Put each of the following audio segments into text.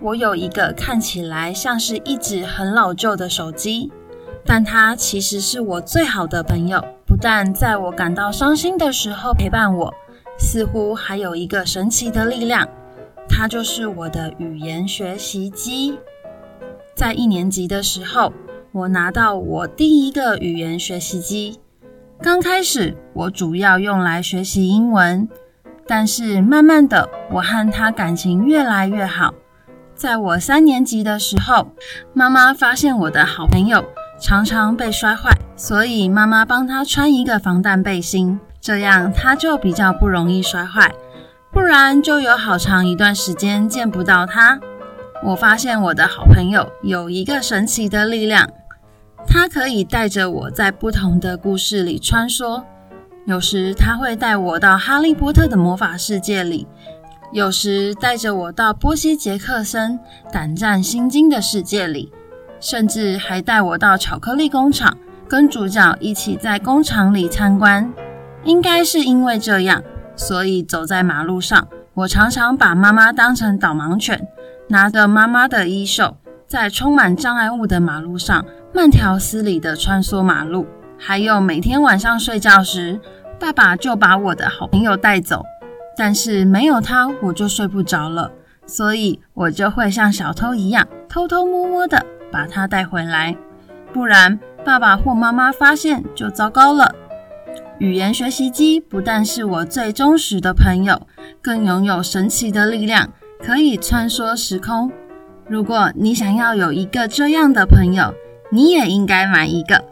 我有一個看起來像是一支很老舊的手機，但它其實是我最好的朋友。不但在我感到傷心的時候陪伴我，似乎還有一個神奇的力量。它就是我的語言學習機。在一年級的時候，我拿到我第一個語言學習機。剛開始我主要用來學習英文，但是慢慢的我和他感情越來越好。在我三年級的時候，媽媽發現我的好朋友常常被摔壞，所以媽媽幫他穿一個防彈背心，這樣他就比較不容易摔壞，不然就有好長一段時間見不到他。我發現我的好朋友有一個神奇的力量，他可以帶着我在不同的故事裡穿梭，有時他會帶我到《哈利波特》的魔法世界裡。有時帶着我到波西·傑克森膽戰心驚的世界裡，甚至還帶我到巧克力工廠，跟主角一起在工廠裡參觀。應該是因為這樣，所以走在馬路上，我常常把媽媽當成導盲犬，拿着媽媽的衣袖，在充滿障礙物的馬路上慢條斯理地穿梭馬路。還有每天晚上睡覺時，爸爸就把我的好朋友帶走。但是沒有它，我就睡不着了，所以我就會像小偷一樣偷偷摸摸的把它帶回來，不然爸爸或媽媽發現就糟糕了。語言學習機不但是我最忠實的朋友，更擁有神奇的力量，可以穿梭時空。如果你想要有一個這樣的朋友，你也應該買一個。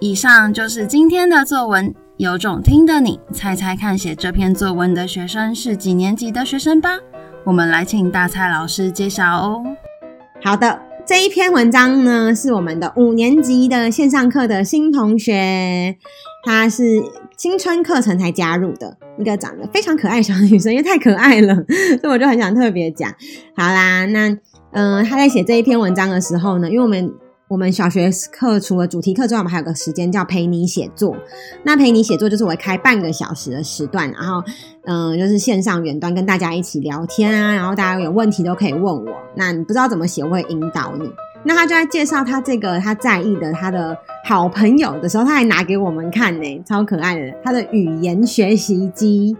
以上就是今天的作文。有種聽的你，猜猜看，寫這篇作文的學生是幾年級的學生吧。我們來請大蔡老師揭曉哦。好的，這一篇文章呢是我們的五年級的線上課的新同學，她是新春課程才加入的一個長得非常可愛小女生，因為太可愛了，所以我就很想特別講。好啦，那嗯，她、呃、在寫這一篇文章的時候呢，因為我們。我們小學課除了主題課之外，我們還有個時間叫陪你寫作。那陪你寫作就是我會開半個小時的時段，然後嗯，就是線上遠端跟大家一起聊天啊，然後大家有問題都可以問我。那你不知道怎麼寫，我會引導你。那他就在介紹他這個他在意的他的好朋友的時候，他還拿給我們看呢，欸，超可愛的他的語言學習機。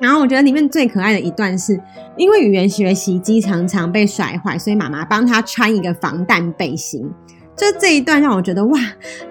然後我覺得裡面最可愛的一段是，因為語言學習機常常被甩壞，所以媽媽幫他穿一個防彈背心。就這一段讓我覺得哇，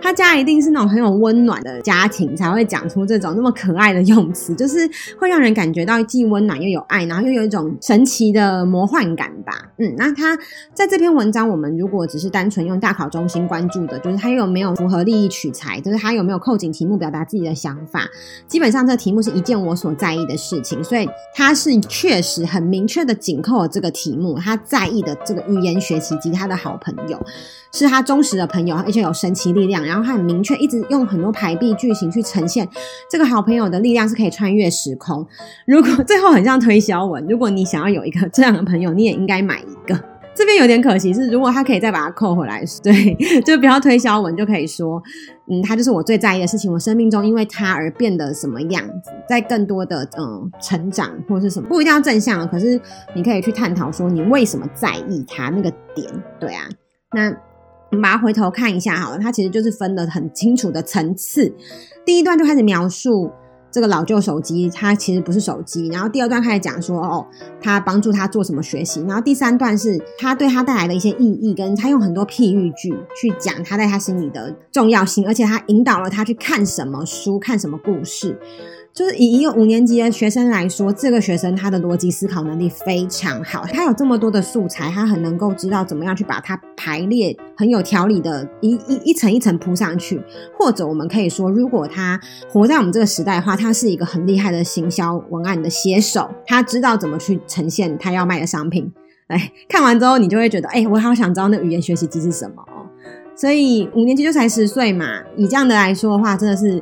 他家一定是那種很有溫暖的家庭才會講出這種那麼可愛的用詞，就是會讓人感覺到既溫暖又有愛，然後又有一種神奇的魔幻感吧。嗯，那他在這篇文章，我們如果只是單純用大考中心關注的，就是他有沒有符合立意取材，就是他有沒有扣緊題目表達自己的想法。基本上，這題目是一件我所在意的事情，所以他是確實很明確的緊扣了這個題目。他在意的這個語言學習及他的好朋友，是他重。忠實的朋友，而且有神奇力量。然後他很明確，一直用很多排比句型去呈現這個好朋友的力量是可以穿越時空。如果最後很像推銷文，如果你想要有一個這樣的朋友，你也應該買一個。這邊有點可惜是，如果他可以再把它扣回來，對，就不要推銷文，就可以說，嗯，他就是我最在意的事情。我生命中因為他而變得什麼樣子，在更多的嗯成長或是什麼，不一定要正向。可是你可以去探討說，你為什麼在意他那個點，對啊，那。我們把它回頭看一下好了，它其實就是分的很清楚的層次。第一段就開始描述這個老舊手機，它其實不是手機。然後第二段開始講說哦，它幫助他做什麼學習。然後第三段是他對他帶來的一些意義，跟他用很多譬喻句，去講他在他心裡的重要性，而且他引導了他去看什麼書，看什麼故事。就是以一個五年級的學生來說，這個學生他的邏輯思考能力非常好。他有這麼多的素材，他很能夠知道怎麼樣去把它排列，很有條理的一一一層一層鋪上去。或者我們可以說，如果他活在我們這個時代的話，他是一個很厲害的行銷文案的寫手。他知道怎麼去呈現他要賣的商品。哎，看完之後你就會覺得，哎，我好想知道那語言學習機是什麼。所以五年級就才十歲嘛，以這樣的來說的話，真的是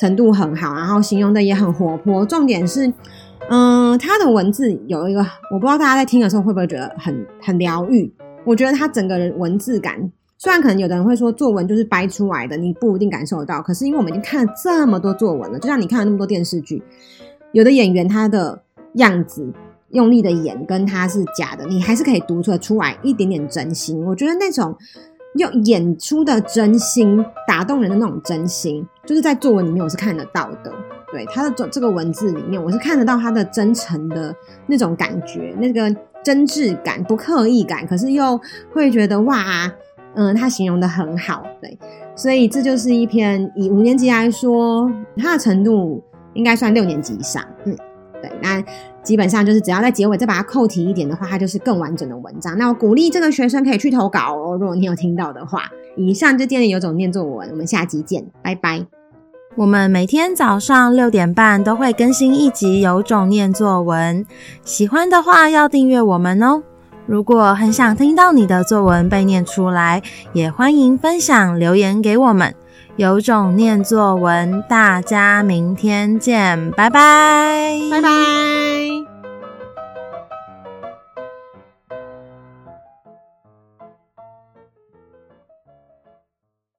程度很好，然後形容的也很活潑。重點是，嗯，他的文字有一個，我不知道大家在聽的時候會不會覺得很很療癒。我覺得他整個人文字感，雖然可能有的人會說作文就是掰出來的，你不一定感受得到。可是因為我們已經看了這麼多作文了，就像你看了那麼多電視劇，有的演員他的樣子用力的演跟他是假的，你還是可以讀出來一點點真心。我覺得那種。用演出的真心打動人的那種真心，就是在作文裡面我是看得到的。對，他的這這個文字裡面，我是看得到他的真誠的那種感覺，那個真摯感、不刻意感，可是又會覺得哇、啊，嗯，他形容得很好。對，所以這就是一篇以五年級來說，他的程度應該算六年級以上。嗯，對，那。基本上就是，只要在結尾再把它扣題一點的話，它就是更完整的文章。那我鼓勵這個學生可以去投稿哦。如果你有聽到的話，以上就今天有種念作文，我們下集見，拜拜。我們每天早上六點半都會更新一集有種念作文，喜歡的話要訂閱我們哦。如果很想聽到你的作文被念出來，也歡迎分享留言給我們。有種念作文，大家明天見，拜拜，拜拜。